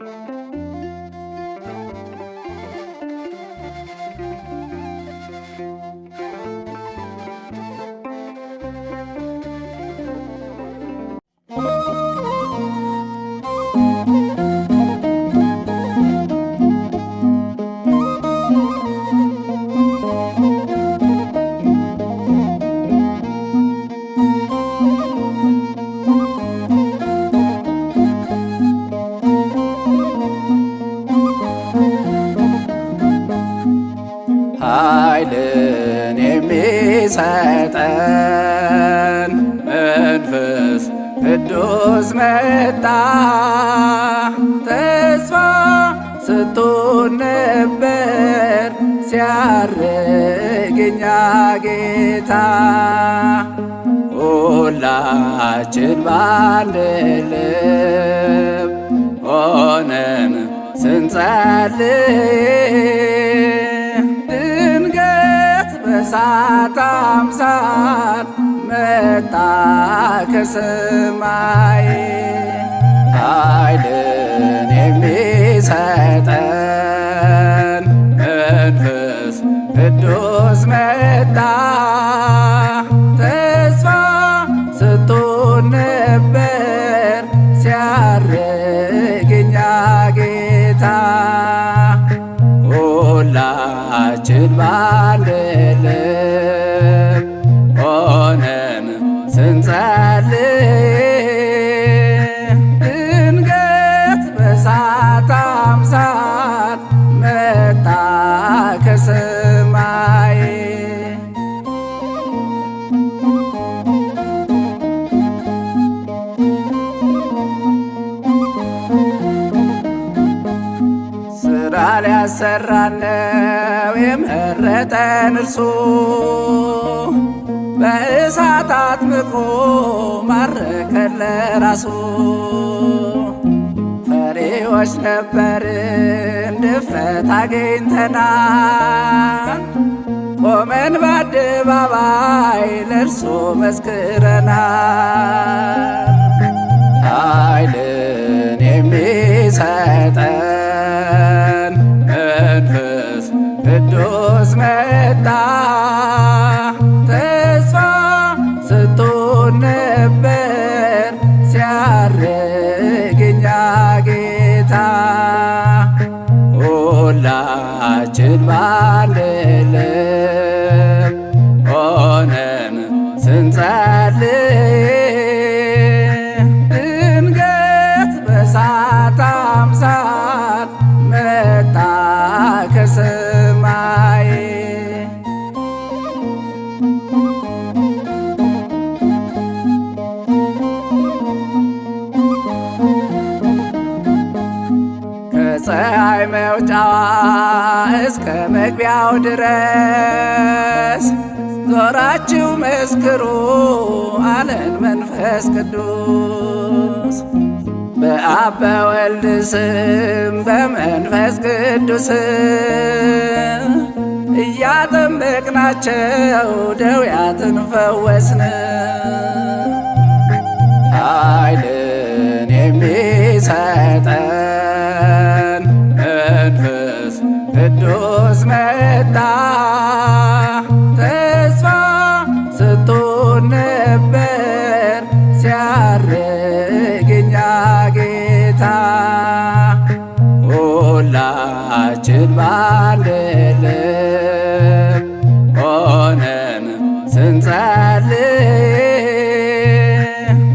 thank you ኃይልን የሚሰጠን መንፈስ ቅዱስ መጣ ተስፋ ስቶን ነበር ሲያርግ እኛ ጌታ ሁላችን ባንድ ልብ ሆነን ስንጸልይ በእሳት አምሳል መጣ ከሰማይ ኃይልን የሚሰጠን መንፈስ ቅዱስ መጣ ሊያሰራን ነው የመረጠን እርሱ በእሳት አጥምቆ ማረከን ለራሱ። ፈሪዎች ነበርን ድፍረት አግኝተናል፣ ቆመን በአደባባይ ለእርሱ መስክረናል። ኃይልን የሚሰጠን መንፈስ ቅዱስ መጣ ተስፋ ስቶን ነበር ሲያርግ እኛ ጌታ ሁላችን ባለ እስከሚሞላው ድረስ ዞራችሁ መስክሩ አለን መንፈስ ቅዱስ። በአብ በወልድ ስም በመንፈስ ቅዱስ እያጠመቅናቸው ደውያትን ፈወስን። ኃይልን የሚሰጠ ጌታ ሁላችን ባንድልም ሆነን ስንጸልይ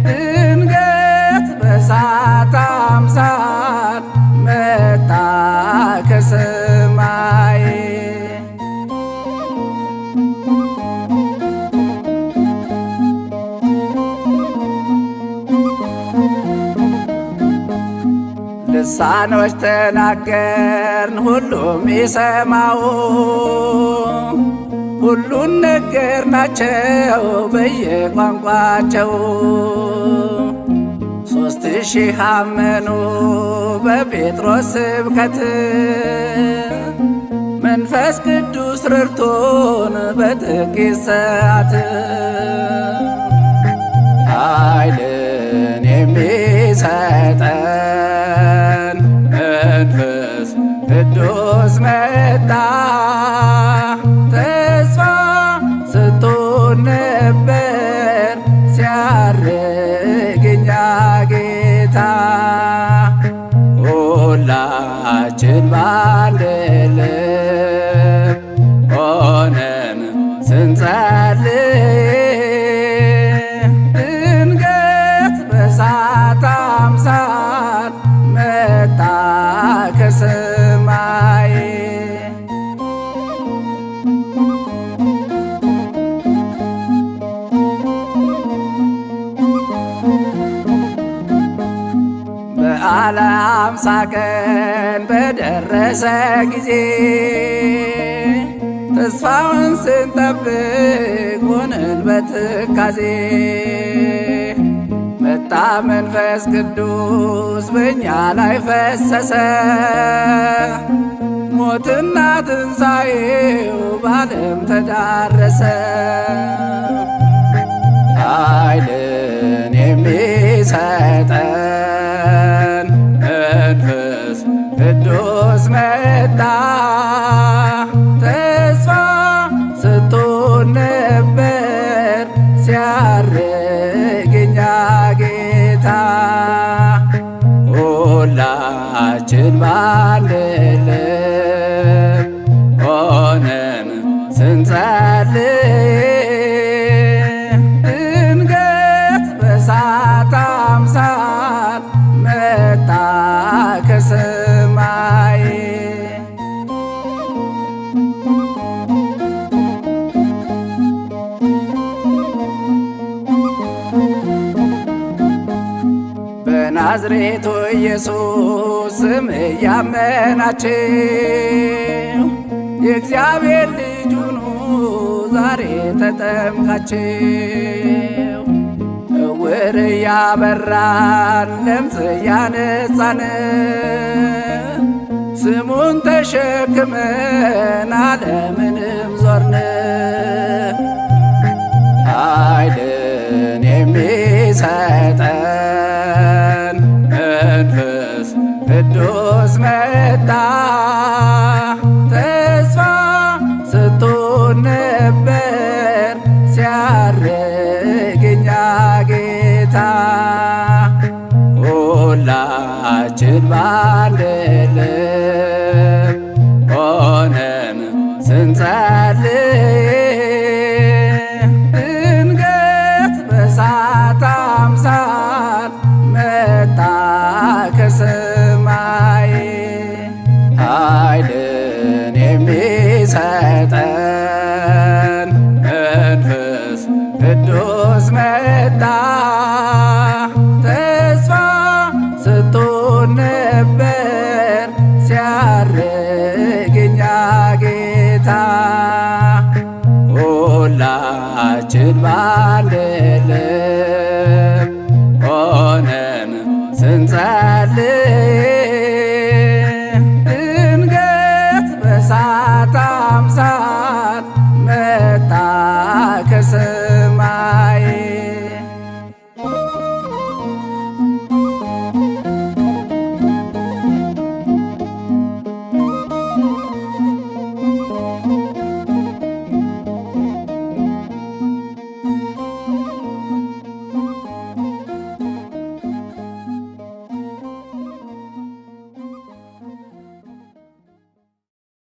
ድንገት በእሳት አምሳል መጣ በልሳኖች ተናገርን ሁሉም ይሰማው ሁሉን ነገር ናቸው በየቋንቋቸው ሶስት ሺህ አመኑ በጴጥሮስ ስብከት መንፈስ ቅዱስ ረድቶን በጥቂት ሰዓት ኃይልን የሚሰጠ መጣ ተስፋ ስቶ ነበር ሲያርግ ጌታ ሁላችን ባልደለ ሆነን ስንጸልይ በዓለ ቀን በደረሰ ጊዜ ተስፋውን ስንጠብቅ ሆነን በትካዜ መጣ መንፈስ ቅዱስ በእኛ ላይ ፈሰሰ ሞትና ትንሣኤው ባለም ተዳረሰ ኃይልን የሚሰጠ አስመጣ ተስፋ ስቶ ነበር ሲያርገኛ ጌታ ሁላችን ማንለ ናዝሬቱ ኢየሱስ ስም እያመናችሁ የእግዚአብሔር ልጁኑ ዛሬ ተጠምቃችሁ እውር እያበራን ለምጽ እያነጻን ስሙን ተሸክመን ዓለምንም ጌታ ሁላችን ባንድ